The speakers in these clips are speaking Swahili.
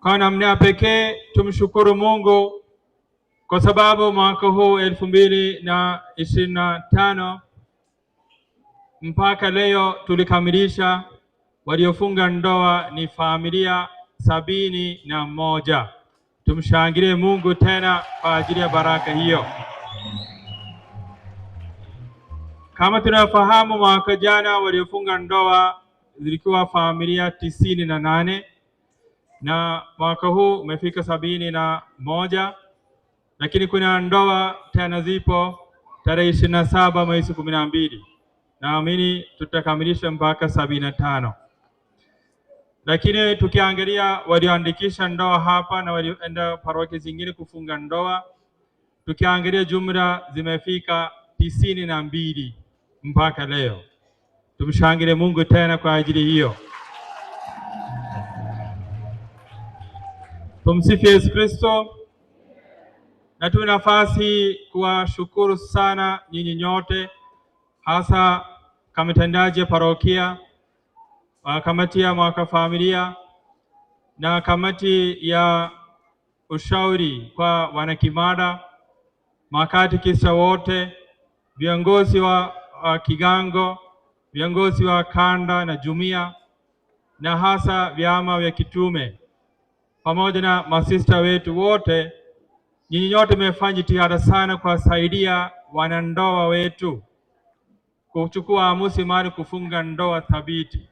Kwa namna ya pekee tumshukuru Mungu kwa sababu mwaka huu elfu mbili na ishirini na tano mpaka leo tulikamilisha waliofunga ndoa ni familia sabini na moja. Tumshangilie Mungu tena kwa ajili ya baraka hiyo. Kama tunafahamu, mwaka jana waliofunga ndoa zilikuwa familia tisini na nane na mwaka huu umefika sabini na moja, lakini kuna ndoa tena zipo tarehe ishirini na saba mwezi kumi na mbili. Naamini tutakamilisha mpaka sabini na tano. Lakini tukiangalia walioandikisha ndoa hapa na walioenda paroki zingine kufunga ndoa, tukiangalia jumla zimefika tisini na mbili mpaka leo. Tumshangilie Mungu tena kwa ajili hiyo. Tumsifu Yesu Kristo. Natume nafasi kuwashukuru sana nyinyi nyote, hasa kamitandaji ya parokia, kamati ya mwaka familia na kamati ya ushauri kwa wanakimada, makati kisa wote, viongozi wa, wa kigango, viongozi wa kanda na jumuiya na hasa vyama vya kitume pamoja na masista wetu wote, nyinyi nyote mmefanya jitihada sana kuwasaidia wanandoa wetu kuchukua amusi mali kufunga ndoa thabiti.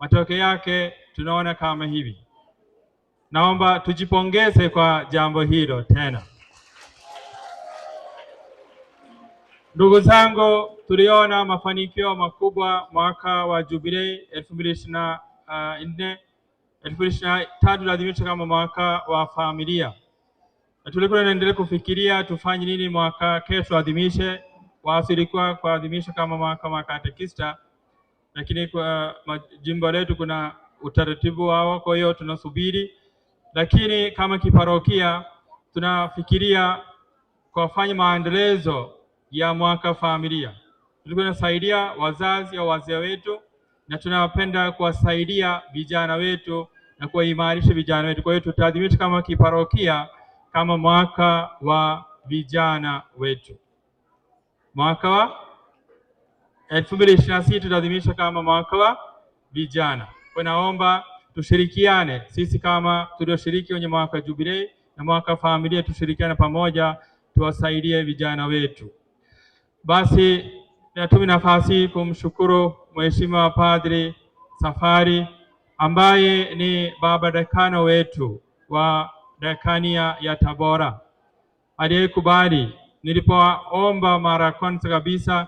Matokeo yake tunaona kama hivi. Naomba tujipongeze kwa jambo hilo tena. Ndugu zangu, tuliona mafanikio makubwa mwaka wa jubilei elfu mbili ishirini na nne elfu ishirini na tatu tunaadhimisha kama mwaka wa familia, na tulikuwa tunaendelea kufikiria tufanye nini mwaka kesho tuadhimishe waasirikwa kuadhimisha kama mwaka wa katekista, lakini kwa majimbo letu kuna utaratibu wao, kwa hiyo tunasubiri. Lakini kama kiparokia tunafikiria kufanya maendelezo ya mwaka familia, tulikuwa tunasaidia wazazi au wazee wetu na tunapenda kuwasaidia vijana wetu na kuwaimarisha vijana wetu. Kwa hiyo tutaadhimisha kama kiparokia kama mwaka wa vijana wetu, mwaka wa elfu mbili ishirini na sita tutaadhimisha kama mwaka wa vijana. Kwa naomba tushirikiane sisi kama tulioshiriki kwenye mwaka jubilei na mwaka wa familia, tushirikiane pamoja tuwasaidie vijana wetu. Basi natumia nafasi kumshukuru Mheshimiwa Padri Safari ambaye ni baba dakana wetu wa dakania ya Tabora aliyekubali nilipoomba mara ya kwanza kabisa,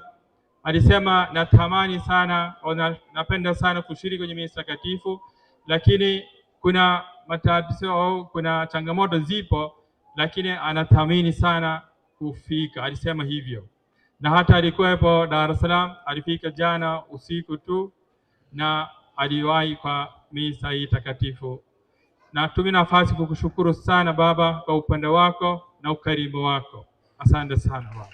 alisema natamani sana ona, napenda sana kushiriki kwenye misa takatifu, lakini kuna matatizo au kuna changamoto zipo, lakini anathamini sana kufika, alisema hivyo na hata alikuwepo Dar es Salaam, alifika jana usiku tu na aliwahi kwa misa hii takatifu. Na tumi nafasi kukushukuru sana Baba kwa upande wako na ukarimu wako, asante sana Baba.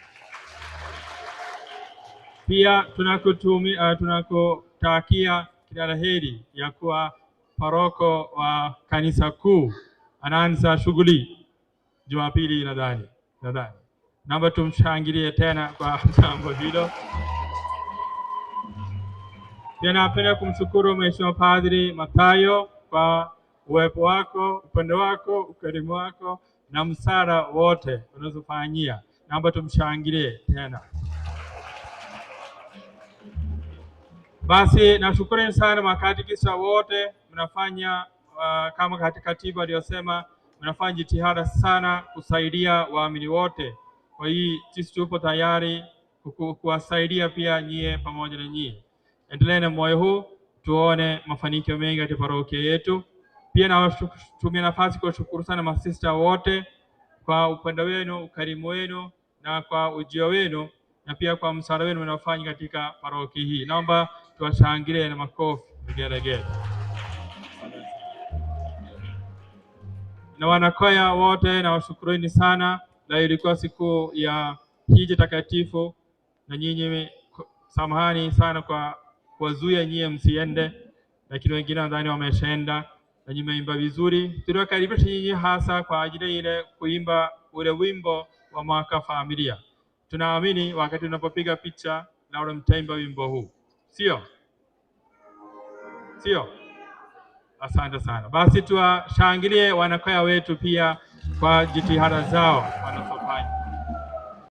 Pia tunakutumi uh, ah, tunakutakia kila la heri ya kuwa paroko wa kanisa kuu anaanza shughuli Jumapili nadhani nadhani Naomba tumshangilie tena kwa jambo hilo. Pia napenda kumshukuru Mheshimiwa Padri Mathayo kwa uwepo wako, upendo wako, ukarimu wako na msara wote unazofanyia. Naomba tumshangilie tena. Basi nashukuruni sana makatekista wote, mnafanya uh, kama katika aliyosema, mnafanya jitihada sana kusaidia waamini wote. Kwa hii sisi tupo tayari kuwasaidia pia nyie, pamoja na nyie, endelee na moyo huu, tuone mafanikio mengi katika parokia yetu. Pia nawatumia nafasi kuwashukuru sana masista wote kwa upendo wenu, ukarimu wenu na kwa ujio wenu na pia kwa msaada wenu mnaofanya katika parokia hii. Naomba tuwashangilie na makofi, vigelegele. Na wanakoya wote nawashukuruni sana na ilikuwa siku ya hija takatifu, na nyinyi samahani sana kwa kuwazuia nyie msiende, lakini wengine nadhani wameshaenda na nyinyi meimba vizuri. Tuliwakaribisha nyinyi hasa kwa ajili ile kuimba ule wimbo wa mwaka familia. Tunaamini wakati unapopiga picha na ule mtaimba wimbo huu, sio sio? Asante sana. Basi tuwashangilie wanakwaya wetu pia kwa jitihada zao wanafa